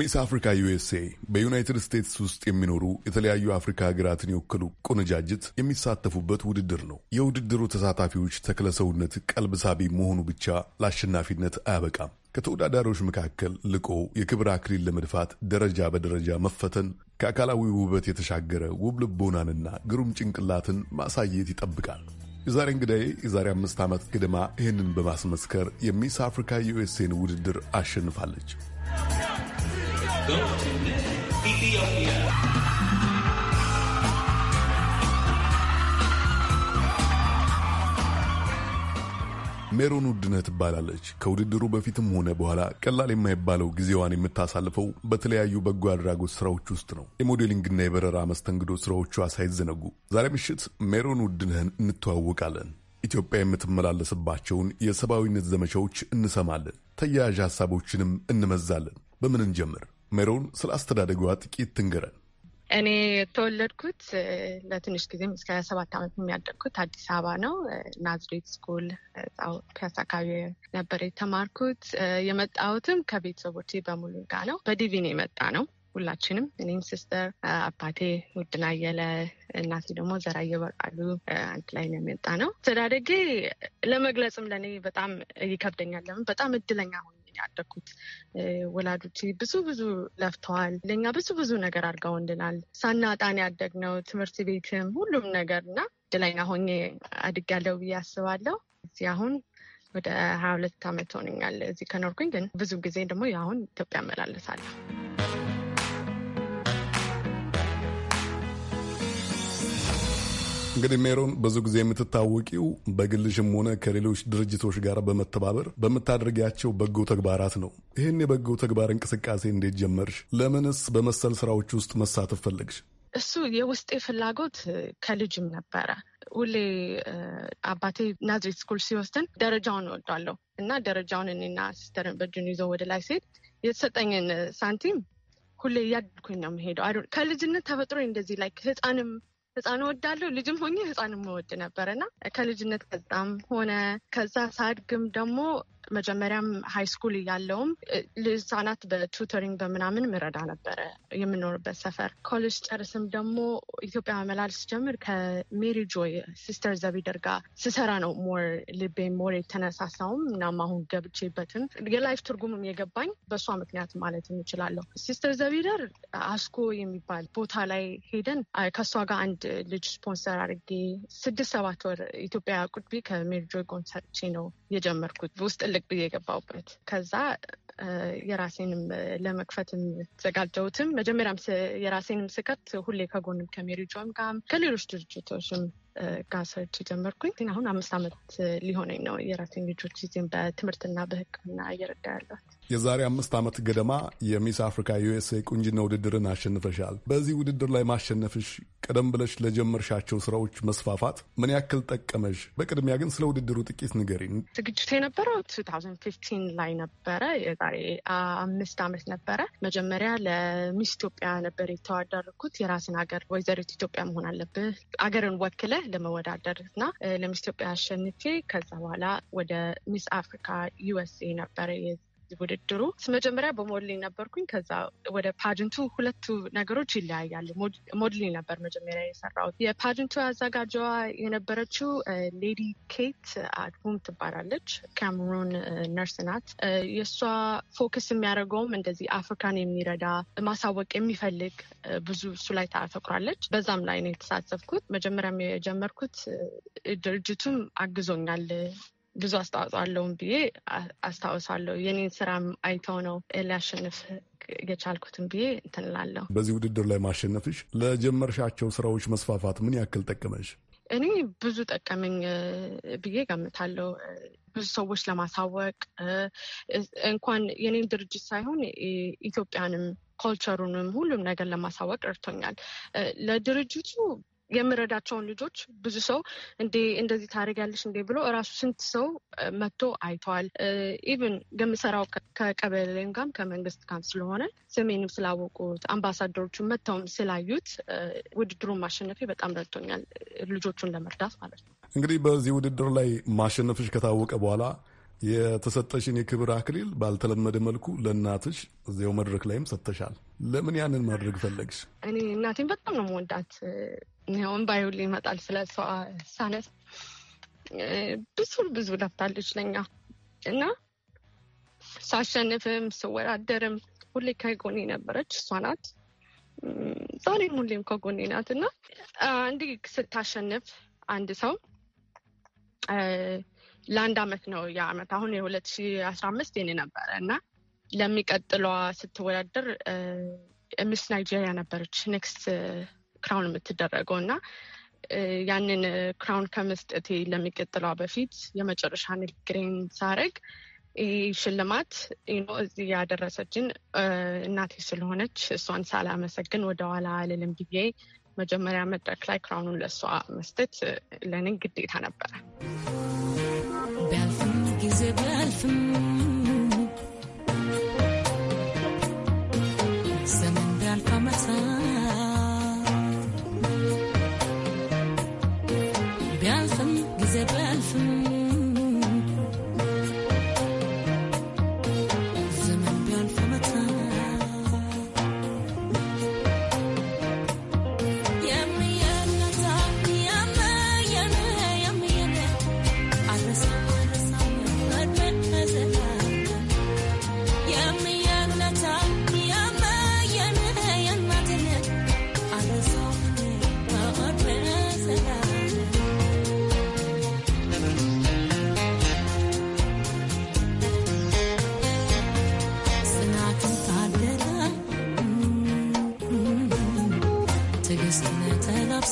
ሚስ አፍሪካ ዩኤስኤ በዩናይትድ ስቴትስ ውስጥ የሚኖሩ የተለያዩ አፍሪካ ሀገራትን የወከሉ ቆነጃጅት የሚሳተፉበት ውድድር ነው። የውድድሩ ተሳታፊዎች ተክለሰውነት ቀልብ ሳቢ መሆኑ ብቻ ለአሸናፊነት አያበቃም። ከተወዳዳሪዎች መካከል ልቆ የክብር አክሊል ለመድፋት ደረጃ በደረጃ መፈተን፣ ከአካላዊ ውበት የተሻገረ ውብ ልቦናንና ግሩም ጭንቅላትን ማሳየት ይጠብቃል። የዛሬ እንግዳዬ የዛሬ አምስት ዓመት ገደማ ይህንን በማስመስከር የሚስ አፍሪካ ዩኤስኤን ውድድር አሸንፋለች። Ethiopia. ሜሮን ውድነት ትባላለች። ከውድድሩ በፊትም ሆነ በኋላ ቀላል የማይባለው ጊዜዋን የምታሳልፈው በተለያዩ በጎ አድራጎት ስራዎች ውስጥ ነው። የሞዴሊንግና የበረራ መስተንግዶ ስራዎቿ ሳይዘነጉ ዛሬ ምሽት ሜሮን ውድነህን እንተዋወቃለን። ኢትዮጵያ የምትመላለስባቸውን የሰብአዊነት ዘመቻዎች እንሰማለን። ተያያዥ ሀሳቦችንም እንመዛለን። በምን እንጀምር? ሜሮን ስለ አስተዳደጓ ጥቂት ትንገረን። እኔ የተወለድኩት ለትንሽ ጊዜም እስከ ሰባት ዓመት የሚያደግኩት አዲስ አበባ ነው። ናዝሬት ስኩል ፒያሳ አካባቢ ነበር የተማርኩት። የመጣሁትም ከቤተሰቦቼ በሙሉ ጋር ነው። በዲቪን የመጣ ነው ሁላችንም እኔም ሲስተር፣ አባቴ ውድና አየለ፣ እናቴ ደግሞ ዘራ እየበቃሉ አንድ ላይ ነው የመጣ ነው። አስተዳደጌ ለመግለጽም ለእኔ በጣም ይከብደኛል። ለምን በጣም እድለኛ ሆ ያደግኩት። ወላጆች ብዙ ብዙ ለፍተዋል። ለእኛ ብዙ ብዙ ነገር አድርገውልናል። ሳናጣን ያደግነው ትምህርት ቤትም ሁሉም ነገር እና እድለኛ ሆኜ አድጌያለሁ ብዬ አስባለሁ። እዚህ አሁን ወደ ሀያ ሁለት ዓመት ሆነኛል እዚህ ከኖርኩኝ። ግን ብዙ ጊዜ ደግሞ አሁን ኢትዮጵያ እመላለሳለሁ። እንግዲህ ሜሮን ብዙ ጊዜ የምትታወቂው በግልሽም ሆነ ከሌሎች ድርጅቶች ጋር በመተባበር በምታደርጊያቸው በጎ ተግባራት ነው። ይህን የበጎ ተግባር እንቅስቃሴ እንዴት ጀመርሽ? ለምንስ በመሰል ስራዎች ውስጥ መሳተፍ ፈለግሽ? እሱ የውስጤ ፍላጎት ከልጅም ነበረ። ሁሌ አባቴ ናዝሬት ስኩል ሲወስድን ደረጃውን እወዳለሁ እና ደረጃውን እኔና ሲስተርን በእጁን ይዞ ወደ ላይ ሲሄድ የተሰጠኝን ሳንቲም ሁሌ እያድኩኝ ነው የምሄደው። ከልጅነት ተፈጥሮ እንደዚህ ላይ ህፃንም ህፃን እወዳለሁ። ልጅም ሆኜ ህፃን መወድ ነበር እና ከልጅነት ከዛም ሆነ ከዛ ሳድግም ደግሞ መጀመሪያም ሀይ ስኩል እያለውም ህጻናት በቱተሪንግ በምናምን ምረዳ ነበረ የምኖርበት ሰፈር። ኮሌጅ ጨርስም ደግሞ ኢትዮጵያ መላልስ ጀምር ከሜሪ ጆይ ሲስተር ዘቢደር ጋር ስሰራ ነው ሞር ልቤ ሞር የተነሳሳውም እናም አሁን ገብቼበትም የላይፍ ትርጉምም የገባኝ በእሷ ምክንያት ማለት እንችላለሁ። ሲስተር ዘቢደር አስኮ የሚባል ቦታ ላይ ሄደን ከእሷ ጋር አንድ ልጅ ስፖንሰር አድርጌ ስድስት ሰባት ወር ኢትዮጵያ ቁጥቢ ከሜሪጆ ኮንሰርቼ ነው የጀመርኩት ውስጥ ልቅ ብዬ የገባውበት ከዛ የራሴንም ለመክፈትም ተዘጋጀሁትም መጀመሪያም የራሴንም ስከት ሁሌ ከጎንም ከሜሪጆም ጋር ከሌሎች ድርጅቶችም ጋር ሰርች ጀመርኩኝ። አሁን አምስት ዓመት ሊሆነኝ ነው የራሴን ልጆች ጊዜም በትምህርትና በህክምና እየረዳ ያለት የዛሬ አምስት ዓመት ገደማ የሚስ አፍሪካ ዩኤስኤ ቁንጅና ውድድርን አሸንፈሻል። በዚህ ውድድር ላይ ማሸነፍሽ ቀደም ብለሽ ለጀመርሻቸው ስራዎች መስፋፋት ምን ያክል ጠቀመሽ? በቅድሚያ ግን ስለ ውድድሩ ጥቂት ንገሪን። ዝግጅቱ የነበረው 2015 ላይ ነበረ። የዛሬ አምስት ዓመት ነበረ። መጀመሪያ ለሚስ ኢትዮጵያ ነበር የተወዳደርኩት። የራስን ሀገር ወይዘሪት ኢትዮጵያ መሆን አለብህ አገርን ወክለህ ለመወዳደር እና ለሚስ ኢትዮጵያ አሸንፌ ከዛ በኋላ ወደ ሚስ አፍሪካ ዩኤስኤ ነበረ ውድድሩ መጀመሪያ በሞድሊንግ ነበርኩኝ። ከዛ ወደ ፓጅንቱ ሁለቱ ነገሮች ይለያያሉ። ሞድሊንግ ነበር መጀመሪያ የሰራው። የፓጅንቱ አዘጋጀዋ የነበረችው ሌዲ ኬት አድቡም ትባላለች። ካሜሩን ነርስ ናት። የእሷ ፎከስ የሚያደርገውም እንደዚህ አፍሪካን የሚረዳ ማሳወቅ የሚፈልግ ብዙ እሱ ላይ ታተኩራለች። በዛም ላይ ነው የተሳተፍኩት። መጀመሪያም የጀመርኩት ድርጅቱም አግዞኛል ብዙ አስተዋጽኦ አለውን ብዬ አስታውሳለሁ። የኔን ስራም አይተው ነው ሊያሸንፍ የቻልኩትን ብዬ እንትንላለሁ። በዚህ ውድድር ላይ ማሸነፍሽ ለጀመርሻቸው ስራዎች መስፋፋት ምን ያክል ጠቀመሽ? እኔ ብዙ ጠቀመኝ ብዬ ገምታለሁ። ብዙ ሰዎች ለማሳወቅ እንኳን የኔን ድርጅት ሳይሆን ኢትዮጵያንም ኮልቸሩንም ሁሉም ነገር ለማሳወቅ ረድቶኛል። ለድርጅቱ የምረዳቸውን ልጆች ብዙ ሰው እንዴ እንደዚህ ታደርጊያለሽ እንዴ ብሎ እራሱ ስንት ሰው መጥቶ አይተዋል። ኢቭን የምሰራው ከቀበሌም ጋም ከመንግስት ጋም ስለሆነ ስሜንም ስላወቁት አምባሳደሮቹ መጥተውም ስላዩት ውድድሩን ማሸነፌ በጣም ረድቶኛል፣ ልጆቹን ለመርዳት ማለት ነው። እንግዲህ በዚህ ውድድር ላይ ማሸነፍሽ ከታወቀ በኋላ የተሰጠሽን የክብር አክሊል ባልተለመደ መልኩ ለእናትሽ እዚያው መድረክ ላይም ሰጥተሻል። ለምን ያንን ማድረግ ፈለግሽ? እኔ እናቴን በጣም ነው መወዳት። ሁን ባይሁል ይመጣል ስለ ሰው ሳነት ብዙ ብዙ ለፍታለች ለኛ እና ሳሸንፍም ስወዳደርም ሁሌ ከጎኔ ነበረች እሷ ናት። ዛሬም ሁሌም ከጎኔ ናት እና እንዲህ ስታሸንፍ አንድ ሰው ለአንድ አመት ነው ያ አሁን የ 2015 አስራ የኔ ነበረ እና ለሚቀጥሏ ስትወዳደር ሚስ ናይጄሪያ ነበረች ኔክስት ክራውን የምትደረገው እና ያንን ክራውን ከመስጠቴ ለሚቀጥሏ በፊት የመጨረሻ ንግግሬን ሳረግ ይህ ሽልማት እዚህ ያደረሰችን እናቴ ስለሆነች እሷን ሳላመሰግን ወደኋላ አልልም ብዬ መጀመሪያ መድረክ ላይ ክራውኑን ለእሷ መስጠት ለእኔ ግዴታ ነበረ። for me.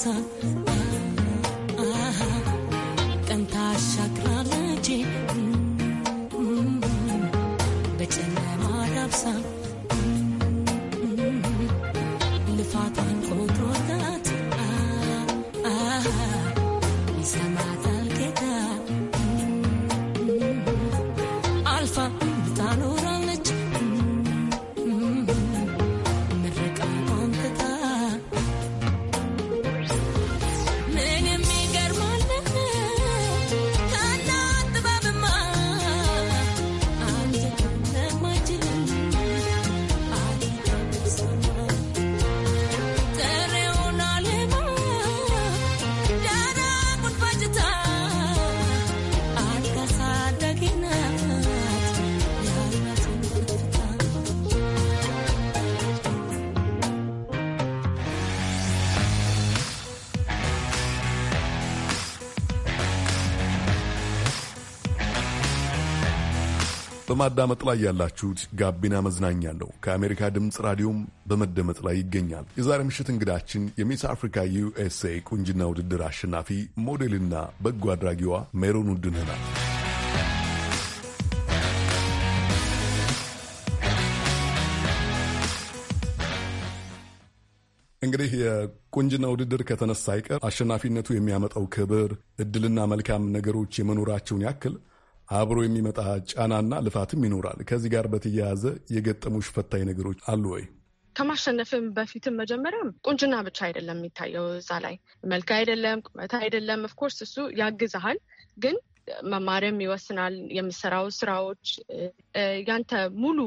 散。በማዳመጥ ላይ ያላችሁት ጋቢና መዝናኛ ነው። ከአሜሪካ ድምፅ ራዲዮም በመደመጥ ላይ ይገኛል። የዛሬ ምሽት እንግዳችን የሚስ አፍሪካ ዩኤስኤ ቁንጅና ውድድር አሸናፊ ሞዴልና በጎ አድራጊዋ ሜሮን ውድንህ ናት። እንግዲህ የቁንጅና ውድድር ከተነሳ አይቀር አሸናፊነቱ የሚያመጣው ክብር፣ እድልና መልካም ነገሮች የመኖራቸውን ያክል አብሮ የሚመጣ ጫናና ልፋትም ይኖራል። ከዚህ ጋር በተያያዘ የገጠሙሽ ፈታኝ ነገሮች አሉ ወይ? ከማሸነፍም በፊትም መጀመሪያም ቁንጅና ብቻ አይደለም የሚታየው እዛ ላይ መልክ አይደለም ቁመት አይደለም። ኦፍኮርስ እሱ ያግዝሃል፣ ግን መማሪያም ይወስናል። የምሰራው ስራዎች ያንተ ሙሉ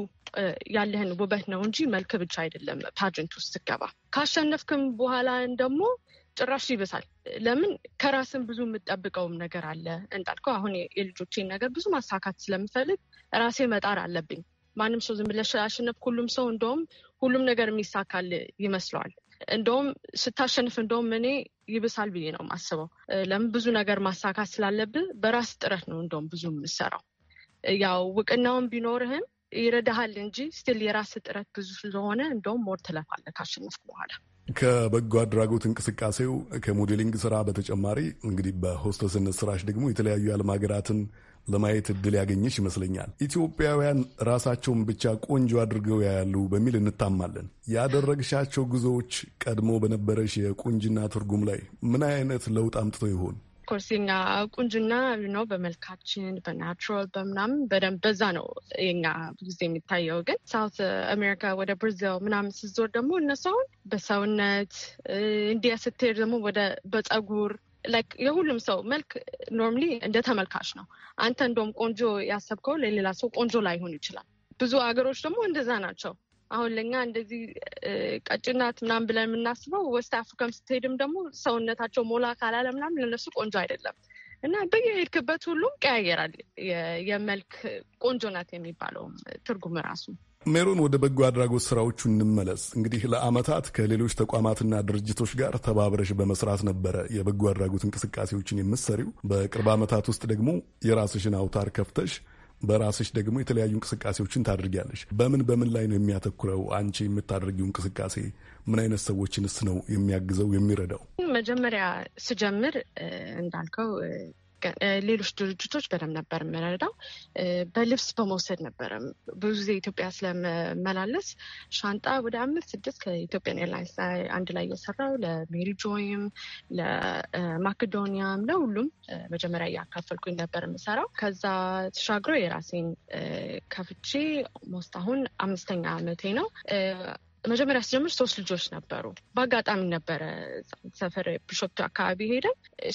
ያለህን ውበት ነው እንጂ መልክ ብቻ አይደለም። ፓጀንት ውስጥ ስገባ ካሸነፍክም በኋላ ደግሞ ጭራሽ ይብሳል። ለምን ከራስን ብዙ የምጠብቀውም ነገር አለ እንዳልከው፣ አሁን የልጆቼን ነገር ብዙ ማሳካት ስለምፈልግ ራሴ መጣር አለብኝ። ማንም ሰው ዝም ብለሽ ሁሉም ሰው እንደውም ሁሉም ነገር የሚሳካል ይመስለዋል። እንደውም ስታሸንፍ እንደውም እኔ ይብሳል ብዬ ነው የማስበው። ለምን ብዙ ነገር ማሳካት ስላለብህ በራስ ጥረት ነው እንደውም ብዙ የምሰራው። ያው ውቅናውን ቢኖርህም ይረዳሃል እንጂ ስቲል የራስ ጥረት ብዙ ስለሆነ እንደውም ሞር ትለፋለህ ካሸነፍ በኋላ ከበጎ አድራጎት እንቅስቃሴው ከሞዴሊንግ ስራ በተጨማሪ እንግዲህ በሆስተስነት ስራሽ ደግሞ የተለያዩ የዓለም ሀገራትን ለማየት እድል ያገኘሽ ይመስለኛል። ኢትዮጵያውያን ራሳቸውን ብቻ ቆንጆ አድርገው ያያሉ በሚል እንታማለን። ያደረግሻቸው ጉዞዎች ቀድሞ በነበረሽ የቁንጅና ትርጉም ላይ ምን አይነት ለውጥ አምጥተው ይሆን? ኦፍኮርስ የኛ ቁንጅና ነው በመልካችን በናቹራል በምናምን በደንብ በዛ ነው የኛ ብዙ ጊዜ የሚታየው። ግን ሳውት አሜሪካ ወደ ብርዚል ምናምን ስዞር ደግሞ እነሱ አሁን በሰውነት እንዲያ ስትሄድ ደግሞ ወደ በፀጉር ላይክ የሁሉም ሰው መልክ ኖርምሊ እንደ ተመልካች ነው። አንተ እንደውም ቆንጆ ያሰብከው ለሌላ ሰው ቆንጆ ላይሆን ይችላል። ብዙ ሀገሮች ደግሞ እንደዛ ናቸው። አሁን ለኛ እንደዚህ ቀጭናት ምናምን ብለን የምናስበው ወስት አፍሪካም ስትሄድም ደግሞ ሰውነታቸው ሞላ ካላለ ምናምን ለነሱ ቆንጆ አይደለም እና በየሄድክበት ሁሉም ቀያየራል። የመልክ ቆንጆ ናት የሚባለውም ትርጉም ራሱ ሜሮን፣ ወደ በጎ አድራጎት ስራዎቹ እንመለስ። እንግዲህ ለአመታት ከሌሎች ተቋማትና ድርጅቶች ጋር ተባብረሽ በመስራት ነበረ የበጎ አድራጎት እንቅስቃሴዎችን የምትሰሪው። በቅርብ ዓመታት ውስጥ ደግሞ የራስሽን አውታር ከፍተሽ በራስሽ ደግሞ የተለያዩ እንቅስቃሴዎችን ታደርጊያለሽ። በምን በምን ላይ ነው የሚያተኩረው? አንቺ የምታደርጊው እንቅስቃሴ ምን አይነት ሰዎችንስ ነው የሚያግዘው የሚረዳው? መጀመሪያ ስጀምር እንዳልከው ሌሎች ድርጅቶች በደንብ ነበር የምረዳው። በልብስ በመውሰድ ነበረ ብዙ ጊዜ ኢትዮጵያ ስለመላለስ ሻንጣ ወደ አምስት ስድስት ከኢትዮጵያን ኤርላይንስ አንድ ላይ እየሰራው ለሜሪጆይም፣ ለማኬዶኒያም፣ ለሁሉም መጀመሪያ እያካፈልኩኝ ነበር የምሰራው። ከዛ ተሻግሮ የራሴን ከፍቼ ሞስት አሁን አምስተኛ አመቴ ነው። መጀመሪያ ሲጀምር ሶስት ልጆች ነበሩ። በአጋጣሚ ነበረ ሰፈር ብሾቱ አካባቢ ሄደ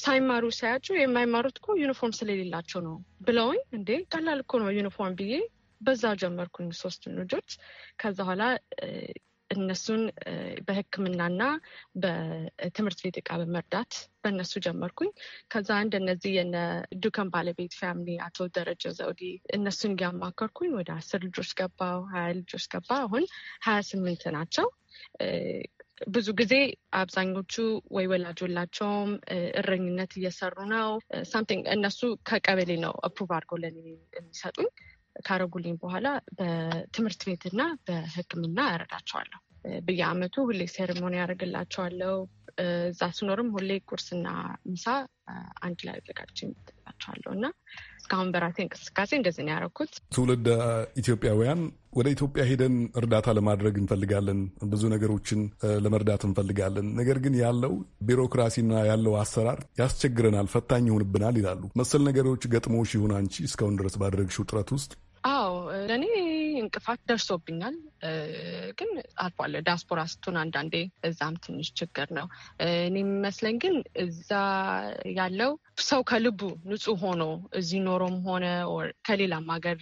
ሳይማሩ ሳያቸው የማይማሩት እኮ ዩኒፎርም ስለሌላቸው ነው ብለውኝ፣ እንዴ ቀላል እኮ ነው ዩኒፎርም ብዬ በዛ ጀመርኩኝ ሶስቱን ልጆች። ከዛ በኋላ እነሱን በሕክምናና በትምህርት ቤት እቃ በመርዳት በእነሱ ጀመርኩኝ። ከዛ አንድ እነዚህ የነ ዱከም ባለቤት ፋሚሊ አቶ ደረጀ ዘውዲ እነሱን እያማከርኩኝ ወደ አስር ልጆች ገባው፣ ሀያ ልጆች ገባ። አሁን ሀያ ስምንት ናቸው። ብዙ ጊዜ አብዛኞቹ ወይ ወላጅ ወላቸውም እረኝነት እየሰሩ ነው። ሳምቲንግ እነሱ ከቀበሌ ነው አፕሩቭ አድርገው ለኔ የሚሰጡኝ። ካረጉልኝ በኋላ በትምህርት ቤትና በሕክምና ያረዳቸዋለሁ። በየአመቱ ሁሌ ሴሪሞኒ ያደርግላቸዋለሁ። እዛ ስኖርም ሁሌ ቁርስና ምሳ አንድ ላይ አዘጋጅ ይመጥላቸዋለሁ እና እስካሁን በራሴ እንቅስቃሴ እንደዚህ ነው ያደረኩት። ትውልድ ኢትዮጵያውያን ወደ ኢትዮጵያ ሄደን እርዳታ ለማድረግ እንፈልጋለን፣ ብዙ ነገሮችን ለመርዳት እንፈልጋለን። ነገር ግን ያለው ቢሮክራሲና ያለው አሰራር ያስቸግረናል፣ ፈታኝ ይሆንብናል ይላሉ። መሰል ነገሮች ገጥሞሽ ይሁን አንቺ እስካሁን ድረስ ባደረግሽው ጥረት ውስጥ አዎ ለእኔ እንቅፋት ደርሶብኛል፣ ግን አልፏል። ዲያስፖራ ስትሆን አንዳንዴ እዛም ትንሽ ችግር ነው። እኔ የሚመስለኝ ግን እዛ ያለው ሰው ከልቡ ንጹህ ሆኖ እዚህ ኖሮም ሆነ ከሌላም ሀገር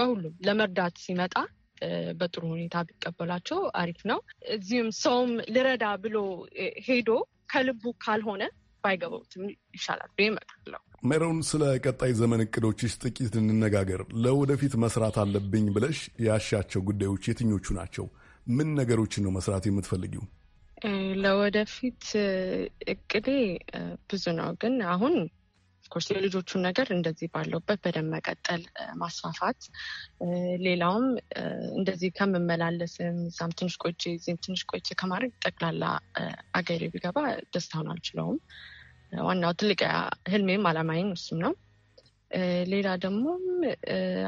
በሁሉም ለመርዳት ሲመጣ በጥሩ ሁኔታ ቢቀበላቸው አሪፍ ነው። እዚህም ሰውም ልረዳ ብሎ ሄዶ ከልቡ ካልሆነ ባይገባውትም ይሻላል ብዬ ሜሮን፣ ስለ ቀጣይ ዘመን እቅዶችሽ ጥቂት እንነጋገር። ለወደፊት መስራት አለብኝ ብለሽ ያሻቸው ጉዳዮች የትኞቹ ናቸው? ምን ነገሮችን ነው መስራት የምትፈልጊው? ለወደፊት እቅዴ ብዙ ነው፣ ግን አሁን ኦፍኮርስ የልጆቹን ነገር እንደዚህ ባለውበት በደንብ መቀጠል ማስፋፋት፣ ሌላውም እንደዚህ ከምመላለስም እዛም ትንሽ ቆይቼ እዚህም ትንሽ ቆይቼ ከማድረግ ጠቅላላ አገሬ ቢገባ ደስታውን አልችለውም። ዋናው ትልቅ ህልሜም አላማይን እሱም ነው። ሌላ ደግሞ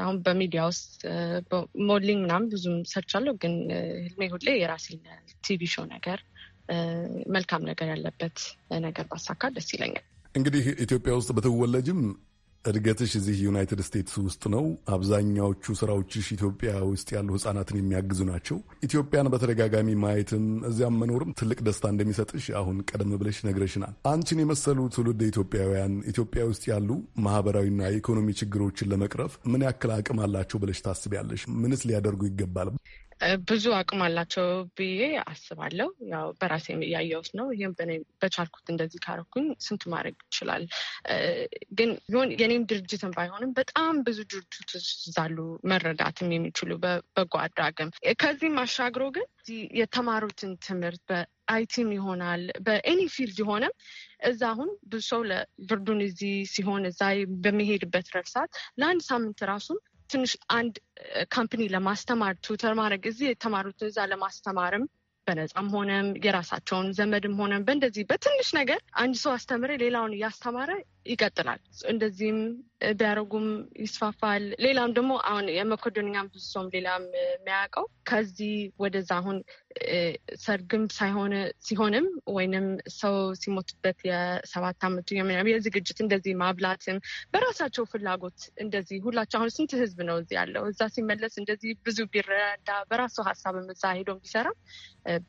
አሁን በሚዲያ ውስጥ ሞድሊንግ ምናምን ብዙም ሰርቻለሁ፣ ግን ህልሜ ሁሌ የራሴን ቲቪ ሾው ነገር መልካም ነገር ያለበት ነገር ባሳካ ደስ ይለኛል። እንግዲህ ኢትዮጵያ ውስጥ በትወለጅም። እድገትሽ እዚህ ዩናይትድ ስቴትስ ውስጥ ነው። አብዛኛዎቹ ስራዎችሽ ኢትዮጵያ ውስጥ ያሉ ህጻናትን የሚያግዙ ናቸው። ኢትዮጵያን በተደጋጋሚ ማየትም እዚያም መኖርም ትልቅ ደስታ እንደሚሰጥሽ አሁን ቀደም ብለሽ ነግረሽናል። አንቺን የመሰሉ ትውልድ ኢትዮጵያውያን ኢትዮጵያ ውስጥ ያሉ ማህበራዊና የኢኮኖሚ ችግሮችን ለመቅረፍ ምን ያክል አቅም አላቸው ብለሽ ታስቢያለሽ? ምንስ ሊያደርጉ ይገባል? ብዙ አቅም አላቸው ብዬ አስባለሁ። ያው በራሴ ያየሁት ነው። ይህም በቻልኩት እንደዚህ ካረኩኝ ስንት ማድረግ ይችላል። ግን ቢሆን የኔም ድርጅትን ባይሆንም በጣም ብዙ ድርጅቶች ዛሉ መረዳትም የሚችሉ በጎ አድራጎትም ከዚህም አሻግሮ ግን የተማሩትን ትምህርት በአይቲም ይሆናል በኤኒ ፊልድ የሆነም እዛ አሁን ብዙ ሰው ለብርዱን እዚህ ሲሆን እዛ በሚሄድበት ረፍሳት ለአንድ ሳምንት ራሱን ትንሽ አንድ ካምፕኒ ለማስተማር ቱተር ማድረግ እዚህ የተማሩትን እዛ ለማስተማርም በነፃም ሆነም የራሳቸውን ዘመድም ሆነም በእንደዚህ በትንሽ ነገር አንድ ሰው አስተምሬ ሌላውን እያስተማረ ይቀጥላል። እንደዚህም ቢያደረጉም ይስፋፋል። ሌላም ደግሞ አሁን የመኮደንኛም ብዙ ሰውም ሌላም የሚያውቀው ከዚህ ወደዛ አሁን ሰርግም ሳይሆን ሲሆንም ወይንም ሰው ሲሞትበት የሰባት ዓመቱ የምናም የዝግጅት እንደዚህ ማብላትም በራሳቸው ፍላጎት እንደዚህ ሁላቸው አሁን ስንት ህዝብ ነው እዚህ ያለው እዛ ሲመለስ እንደዚህ ብዙ ቢረዳ በራሱ ሀሳብ እዛ ሄዶም ቢሰራ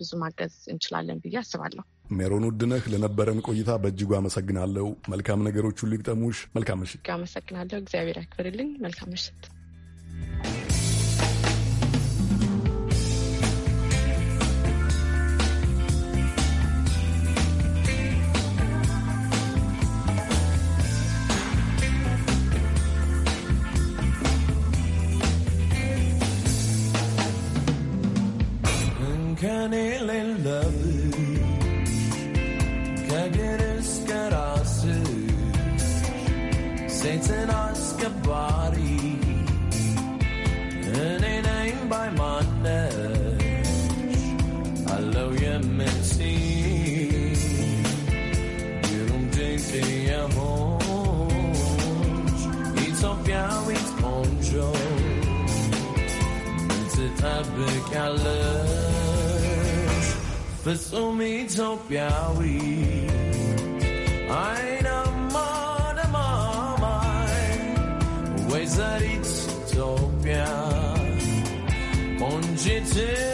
ብዙ ማገዝ እንችላለን ብዬ አስባለሁ። ሜሮን ውድነህ ለነበረን ቆይታ በእጅጉ አመሰግናለሁ። መልካም ነገሮች ሁሉ ይግጠሙሽ። መልካም ምሽት። አመሰግናለሁ። እግዚአብሔር ያክብርልኝ። መልካም ምሽት። colors for some utopia I am my ways that it's utopia on jitter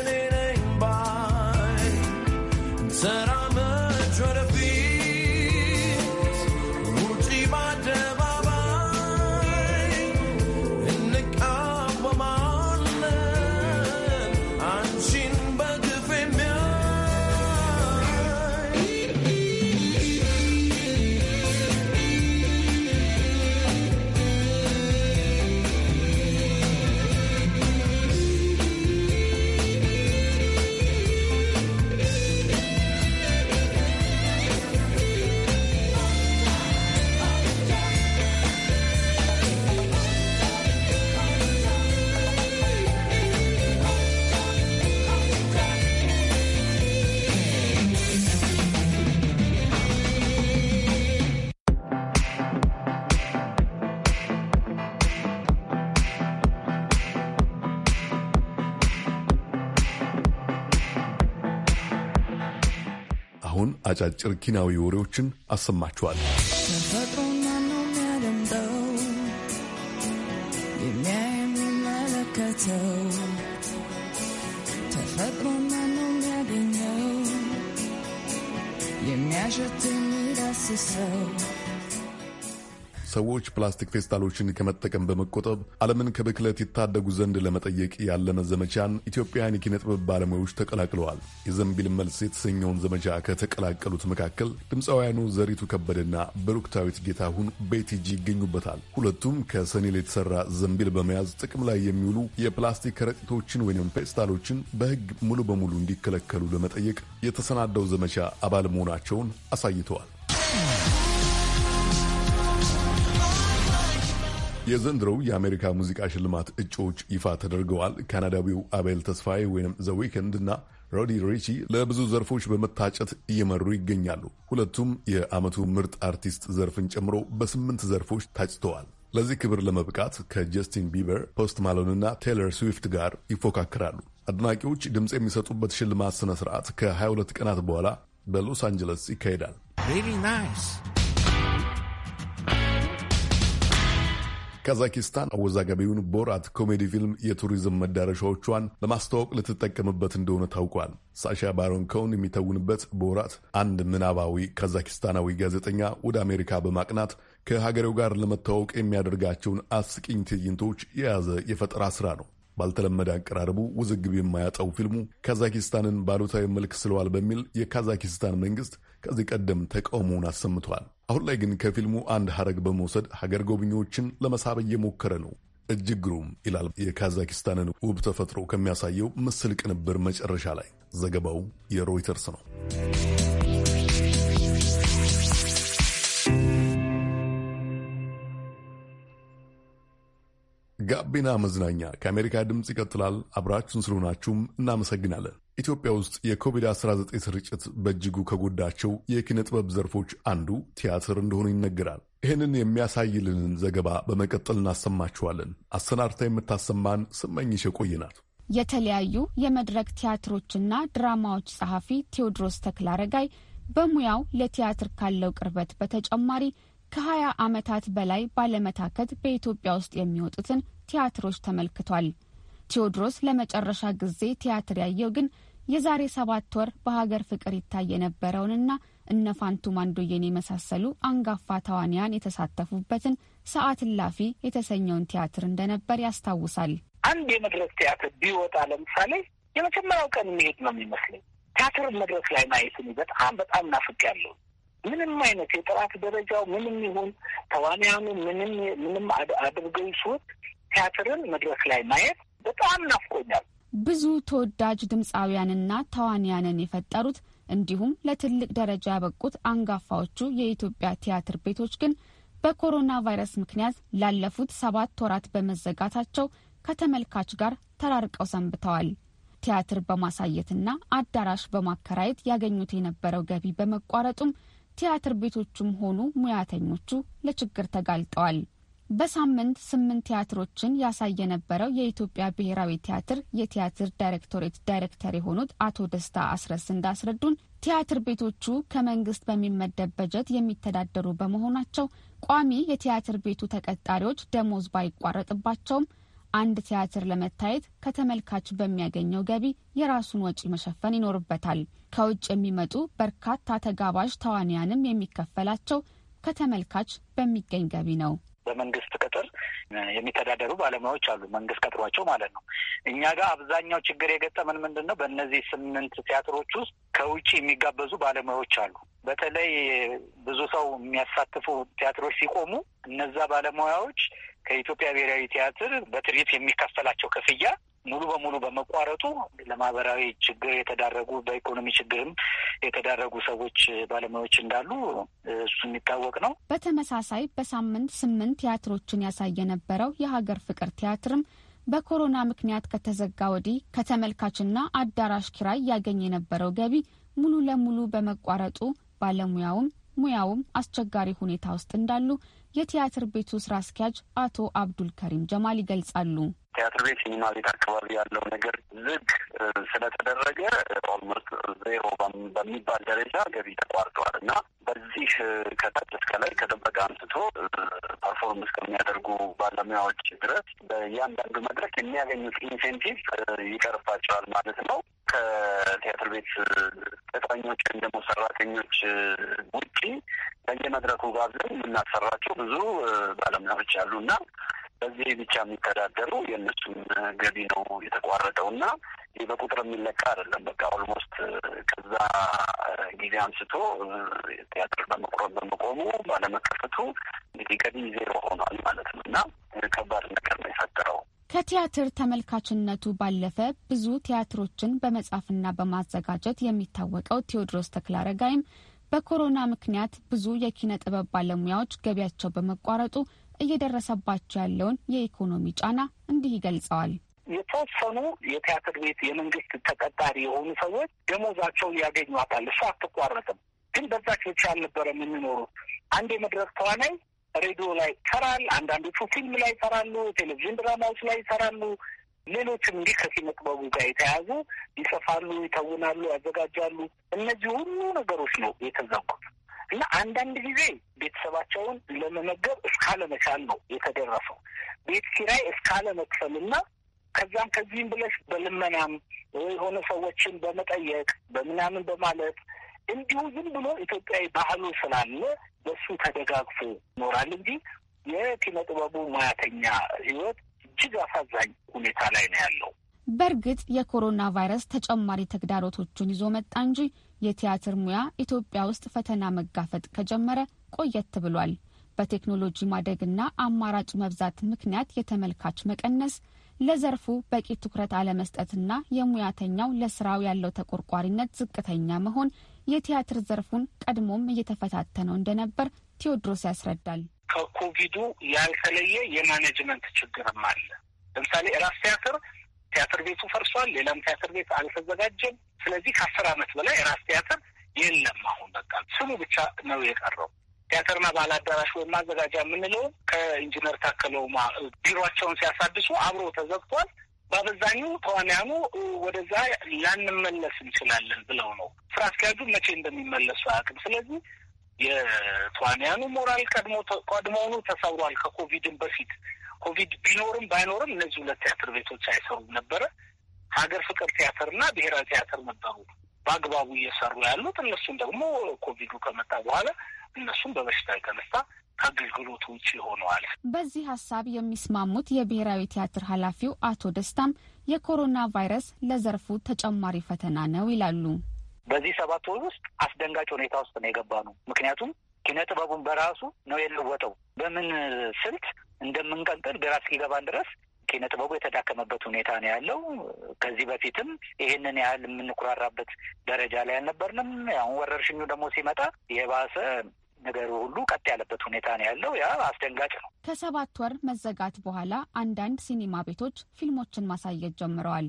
አሁን አጫጭር ኪናዊ ወሬዎችን አሰማችኋል። ነው የሚያገኘው የሚያሸት የሚዳስሰው ሰዎች ፕላስቲክ ፌስታሎችን ከመጠቀም በመቆጠብ ዓለምን ከብክለት ይታደጉ ዘንድ ለመጠየቅ ያለመ ዘመቻን ኢትዮጵያን የኪነ ጥበብ ባለሙያዎች ተቀላቅለዋል። የዘንቢል መልስ የተሰኘውን ዘመቻ ከተቀላቀሉት መካከል ድምፃውያኑ ዘሪቱ ከበደና በሩክታዊት ጌታሁን ቤቲጂ ይገኙበታል። ሁለቱም ከሰኔል የተሰራ ዘንቢል በመያዝ ጥቅም ላይ የሚውሉ የፕላስቲክ ከረጢቶችን ወይም ፌስታሎችን በሕግ ሙሉ በሙሉ እንዲከለከሉ ለመጠየቅ የተሰናዳው ዘመቻ አባል መሆናቸውን አሳይተዋል። የዘንድሮው የአሜሪካ ሙዚቃ ሽልማት እጩዎች ይፋ ተደርገዋል። ካናዳዊው አቤል ተስፋዬ ወይም ዘ ዊክንድ እና ሮዲ ሪቺ ለብዙ ዘርፎች በመታጨት እየመሩ ይገኛሉ። ሁለቱም የዓመቱ ምርጥ አርቲስት ዘርፍን ጨምሮ በስምንት ዘርፎች ታጭተዋል። ለዚህ ክብር ለመብቃት ከጀስቲን ቢበር፣ ፖስት ማሎንና ቴይለር ስዊፍት ጋር ይፎካከራሉ። አድናቂዎች ድምፅ የሚሰጡበት ሽልማት ስነ ስርዓት ከ22 ቀናት በኋላ በሎስ አንጀለስ ይካሄዳል። ካዛኪስታን አወዛጋቢውን ቦራት ኮሜዲ ፊልም የቱሪዝም መዳረሻዎቿን ለማስተዋወቅ ልትጠቀምበት እንደሆነ ታውቋል። ሳሻ ባሮን ኮውን የሚተውንበት ቦራት አንድ ምናባዊ ካዛኪስታናዊ ጋዜጠኛ ወደ አሜሪካ በማቅናት ከሀገሬው ጋር ለመታወቅ የሚያደርጋቸውን አስቂኝ ትዕይንቶች የያዘ የፈጠራ ስራ ነው። ባልተለመደ አቀራረቡ ውዝግብ የማያጣው ፊልሙ ካዛኪስታንን ባሉታዊ መልክ ስለዋል በሚል የካዛኪስታን መንግስት ከዚህ ቀደም ተቃውሞውን አሰምተዋል። አሁን ላይ ግን ከፊልሙ አንድ ሐረግ በመውሰድ ሀገር ጎብኚዎችን ለመሳብ እየሞከረ ነው። እጅግ ግሩም ይላል የካዛኪስታንን ውብ ተፈጥሮ ከሚያሳየው ምስል ቅንብር መጨረሻ ላይ ዘገባው የሮይተርስ ነው። ጋቢና መዝናኛ ከአሜሪካ ድምፅ ይቀጥላል። አብራችሁን ስለሆናችሁም እናመሰግናለን። ኢትዮጵያ ውስጥ የኮቪድ-19 ስርጭት በእጅጉ ከጎዳቸው የኪነ ጥበብ ዘርፎች አንዱ ቲያትር እንደሆነ ይነገራል። ይህንን የሚያሳይልንን ዘገባ በመቀጠል እናሰማችኋለን። አሰናድታ የምታሰማን ስመኝሽ የቆየ ናት። የተለያዩ የመድረክ ቲያትሮችና ድራማዎች ጸሐፊ ቴዎድሮስ ተክለ አረጋይ በሙያው ለቲያትር ካለው ቅርበት በተጨማሪ ከ20 ዓመታት በላይ ባለመታከት በኢትዮጵያ ውስጥ የሚወጡትን ቲያትሮች ተመልክቷል። ቴዎድሮስ ለመጨረሻ ጊዜ ቲያትር ያየው ግን የዛሬ ሰባት ወር በሀገር ፍቅር ይታይ የነበረውንና እነ ፋንቱ ማንዶዬን የመሳሰሉ አንጋፋ ተዋንያን የተሳተፉበትን ሰዓት እላፊ የተሰኘውን ቲያትር እንደነበር ያስታውሳል። አንድ የመድረክ ቲያትር ቢወጣ ለምሳሌ የመጀመሪያው ቀን የሚሄድ ነው የሚመስለኝ። ቲያትር መድረክ ላይ ማየትን በጣም በጣም ናፍቄያለሁ። ምንም አይነት የጥራት ደረጃው ምንም ይሁን ተዋንያኑ ምንም ምንም አድርገው ይስሩት ቲያትርን መድረክ ላይ ማየት በጣም ናፍቆኛል። ብዙ ተወዳጅ ድምፃውያንና ተዋንያንን የፈጠሩት እንዲሁም ለትልቅ ደረጃ ያበቁት አንጋፋዎቹ የኢትዮጵያ ቲያትር ቤቶች ግን በኮሮና ቫይረስ ምክንያት ላለፉት ሰባት ወራት በመዘጋታቸው ከተመልካች ጋር ተራርቀው ሰንብተዋል። ቲያትር በማሳየትና አዳራሽ በማከራየት ያገኙት የነበረው ገቢ በመቋረጡም ቲያትር ቤቶቹም ሆኑ ሙያተኞቹ ለችግር ተጋልጠዋል። በሳምንት ስምንት ቲያትሮችን ያሳይ የነበረው የኢትዮጵያ ብሔራዊ ቲያትር የቲያትር ዳይሬክቶሬት ዳይሬክተር የሆኑት አቶ ደስታ አስረስ እንዳስረዱን ቲያትር ቤቶቹ ከመንግስት በሚመደብ በጀት የሚተዳደሩ በመሆናቸው ቋሚ የቲያትር ቤቱ ተቀጣሪዎች ደሞዝ ባይቋረጥባቸውም አንድ ቲያትር ለመታየት ከተመልካች በሚያገኘው ገቢ የራሱን ወጪ መሸፈን ይኖርበታል። ከውጭ የሚመጡ በርካታ ተጋባዥ ተዋንያንም የሚከፈላቸው ከተመልካች በሚገኝ ገቢ ነው። በመንግስት ቅጥር የሚተዳደሩ ባለሙያዎች አሉ፣ መንግስት ቀጥሯቸው ማለት ነው። እኛ ጋር አብዛኛው ችግር የገጠመን ምንድን ነው? በእነዚህ ስምንት ቲያትሮች ውስጥ ከውጭ የሚጋበዙ ባለሙያዎች አሉ። በተለይ ብዙ ሰው የሚያሳትፉ ቲያትሮች ሲቆሙ እነዛ ባለሙያዎች ከኢትዮጵያ ብሔራዊ ቲያትር በትርኢት የሚከፈላቸው ክፍያ ሙሉ በሙሉ በመቋረጡ ለማህበራዊ ችግር የተዳረጉ በኢኮኖሚ ችግርም የተዳረጉ ሰዎች ባለሙያዎች እንዳሉ እሱ የሚታወቅ ነው። በተመሳሳይ በሳምንት ስምንት ቲያትሮችን ያሳይ የነበረው የሀገር ፍቅር ቲያትርም በኮሮና ምክንያት ከተዘጋ ወዲህ ከተመልካችና አዳራሽ ኪራይ ያገኝ የነበረው ገቢ ሙሉ ለሙሉ በመቋረጡ ባለሙያውም ሙያውም አስቸጋሪ ሁኔታ ውስጥ እንዳሉ የቲያትር ቤቱ ስራ አስኪያጅ አቶ አብዱል ከሪም ጀማል ይገልጻሉ። ቲያትር ቤት፣ ሲኒማ ቤት አካባቢ ያለው ነገር ዝግ ስለተደረገ ኦልሞስት ዜሮ በሚባል ደረጃ ገቢ ተቋርጠዋል እና በዚህ ከታች እስከ ላይ ከጥበቃ አንስቶ ፐርፎርም እስከሚያደርጉ ባለሙያዎች ድረስ በእያንዳንዱ መድረክ የሚያገኙት ኢንሴንቲቭ ይቀርባቸዋል ማለት ነው። ከቲያትር ቤት ቅጥረኞች ወይም ደግሞ ሰራተኞች ውጪ በየመድረኩ ጋብዘን የምናሰራቸው ብዙ ባለሙያዎች አሉ እና በዚህ ብቻ የሚተዳደሩ የእነሱን ገቢ ነው የተቋረጠው እና ይህ በቁጥር የሚለካ አይደለም። በቃ ኦልሞስት ከዛ ጊዜ አንስቶ ቲያትር በመቁረብ በመቆሙ ባለመከፈቱ እንግዲህ ገቢ ዜሮ ሆኗል ማለት ነው እና ከባድ ነገር ነው የፈጠረው። ከቲያትር ተመልካችነቱ ባለፈ ብዙ ቲያትሮችን በመጻፍና በማዘጋጀት የሚታወቀው ቴዎድሮስ አረጋይም በኮሮና ምክንያት ብዙ የኪነ ጥበብ ባለሙያዎች ገቢያቸው በመቋረጡ እየደረሰባቸው ያለውን የኢኮኖሚ ጫና እንዲህ ይገልጸዋል። የተወሰኑ የቲያትር ቤት የመንግስት ተቀጣሪ የሆኑ ሰዎች ደሞዛቸውን ያገኟታል። እሱ አትቋረጥም፣ ግን በዛች ብቻ አልነበረም የምንኖሩት። አንድ የመድረክ ተዋናይ ሬዲዮ ላይ ይሰራል፣ አንዳንዶቹ ፊልም ላይ ይሰራሉ፣ ቴሌቪዥን ድራማዎች ላይ ይሰራሉ። ሌሎችም እንዲህ ከኪነ ጥበቡ ጋር የተያዙ ይሰፋሉ፣ ይተውናሉ፣ ያዘጋጃሉ። እነዚህ ሁሉ ነገሮች ነው የተዘጉት። እና አንዳንድ ጊዜ ቤተሰባቸውን ለመመገብ እስካለመቻል ነው የተደረሰው። ቤት ኪራይ እስካለመክፈልና ከዛም ከዚህም ብለሽ በልመናም የሆነ ሰዎችን በመጠየቅ በምናምን በማለት እንዲሁ ዝም ብሎ ኢትዮጵያዊ ባህሉ ስላለ በሱ ተደጋግፎ ይኖራል እንጂ የኪነ ጥበቡ ሙያተኛ ህይወት እጅግ አሳዛኝ ሁኔታ ላይ ነው ያለው። በእርግጥ የኮሮና ቫይረስ ተጨማሪ ተግዳሮቶችን ይዞ መጣ እንጂ የቲያትር ሙያ ኢትዮጵያ ውስጥ ፈተና መጋፈጥ ከጀመረ ቆየት ብሏል። በቴክኖሎጂ ማደግና አማራጭ መብዛት ምክንያት የተመልካች መቀነስ፣ ለዘርፉ በቂ ትኩረት አለመስጠትና የሙያተኛው ለስራው ያለው ተቆርቋሪነት ዝቅተኛ መሆን የቲያትር ዘርፉን ቀድሞም እየተፈታተነው እንደነበር ቴዎድሮስ ያስረዳል። ከኮቪዱ ያልተለየ የማኔጅመንት ችግርም አለ። ለምሳሌ ራስ ቲያትር ቲያትር ቤቱ ፈርሷል። ሌላም ቲያትር ቤት አልተዘጋጀም። ስለዚህ ከአስር ዓመት በላይ ራስ ቲያትር የለም። አሁን በቃ ስሙ ብቻ ነው የቀረው። ቲያትርና ባህል አዳራሽ ወይም ማዘጋጃ የምንለው ከኢንጂነር ታከለው ቢሮቸውን ሲያሳድሱ አብሮ ተዘግቷል። በአብዛኛው ተዋንያኑ ወደዛ ላንመለስ እንችላለን ብለው ነው። ስራ አስኪያጁ መቼ እንደሚመለሱ አያውቅም። ስለዚህ የተዋንያኑ ሞራል ቀድሞ ቀድሞውኑ ተሰብሯል። ከኮቪድን በፊት ኮቪድ ቢኖርም ባይኖርም እነዚህ ሁለት ቲያትር ቤቶች አይሰሩም ነበረ። ሀገር ፍቅር ቲያትር ብሔራዊ ቲያትር ነበሩ በአግባቡ እየሰሩ ያሉት። እነሱም ደግሞ ኮቪዱ ከመጣ በኋላ እነሱም በበሽታ የተነሳ ከአገልግሎት ውጭ ሆነዋል። በዚህ ሀሳብ የሚስማሙት የብሔራዊ ቲያትር ኃላፊው አቶ ደስታም የኮሮና ቫይረስ ለዘርፉ ተጨማሪ ፈተና ነው ይላሉ። በዚህ ሰባት ወር ውስጥ አስደንጋጭ ሁኔታ ውስጥ ነው የገባ ነው። ምክንያቱም ኪነ ጥበቡን በራሱ ነው የለወጠው። በምን ስልት እንደምንቀንጥል ግራ እስኪገባን ድረስ ኪነ ጥበቡ የተዳከመበት ሁኔታ ነው ያለው። ከዚህ በፊትም ይህንን ያህል የምንኩራራበት ደረጃ ላይ አልነበርንም። አሁን ወረርሽኙ ደግሞ ሲመጣ የባሰ ነገሩ ሁሉ ቀጥ ያለበት ሁኔታ ነው ያለው። ያ አስደንጋጭ ነው። ከሰባት ወር መዘጋት በኋላ አንዳንድ ሲኒማ ቤቶች ፊልሞችን ማሳየት ጀምረዋል።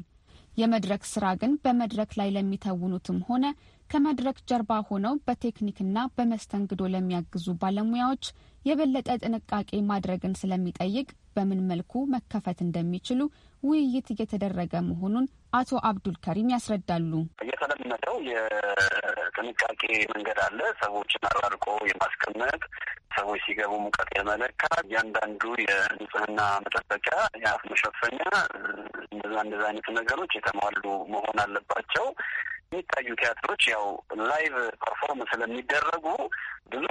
የመድረክ ስራ ግን በመድረክ ላይ ለሚተውኑትም ሆነ ከመድረክ ጀርባ ሆነው በቴክኒክና በመስተንግዶ ለሚያግዙ ባለሙያዎች የበለጠ ጥንቃቄ ማድረግን ስለሚጠይቅ በምን መልኩ መከፈት እንደሚችሉ ውይይት እየተደረገ መሆኑን አቶ አብዱል ከሪም ያስረዳሉ። የተለመደው የጥንቃቄ መንገድ አለ። ሰዎችን አራርቆ የማስቀመጥ፣ ሰዎች ሲገቡ ሙቀት የመለካት፣ እያንዳንዱ የንጽህና መጠበቂያ፣ የአፍ መሸፈኛ እንደዛ እንደዛ አይነት ነገሮች የተሟሉ መሆን አለባቸው። የሚታዩ ቲያትሮች ያው ላይቭ ፐርፎርም ስለሚደረጉ ብዙ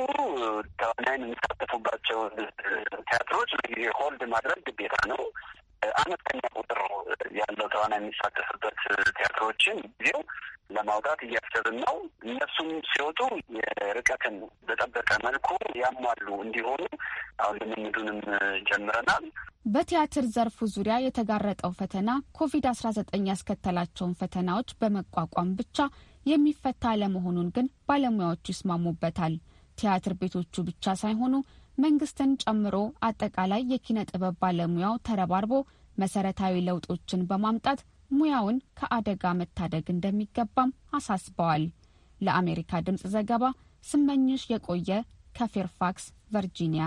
ተዋናይን የሚሳተፉባቸው ቲያትሮች ለጊዜ ሆልድ ማድረግ ግዴታ ነው። አመት ከኛ ቁጥር ያለው ተዋናይ የሚሳተፍበት ቲያትሮችን ጊዜው ለማውጣት እያሰብን ነው። እነሱም ሲወጡ የርቀትን በጠበቀ መልኩ ያሟሉ እንዲሆኑ አሁን ልምምዱንም ጀምረናል። በቲያትር ዘርፉ ዙሪያ የተጋረጠው ፈተና ኮቪድ አስራ ዘጠኝ ያስከተላቸውን ፈተናዎች በመቋቋም ብቻ የሚፈታ አለመሆኑን ግን ባለሙያዎቹ ይስማሙበታል። ቲያትር ቤቶቹ ብቻ ሳይሆኑ መንግስትን ጨምሮ አጠቃላይ የኪነ ጥበብ ባለሙያው ተረባርቦ መሰረታዊ ለውጦችን በማምጣት ሙያውን ከአደጋ መታደግ እንደሚገባም አሳስበዋል። ለአሜሪካ ድምፅ ዘገባ ስመኝሽ የቆየ ከፌርፋክስ ቨርጂኒያ።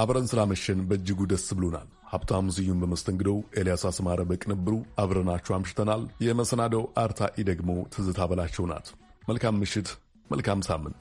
አብረን ስላመሸን በእጅጉ ደስ ብሎናል። ሀብታም ስዩም በመስተንግዶው፣ ኤልያስ አስማረ በቅንብሩ አብረናችሁ አምሽተናል። የመሰናደው አርታኢ ደግሞ ትዝታ በላቸው ናት። መልካም ምሽት፣ መልካም ሳምንት።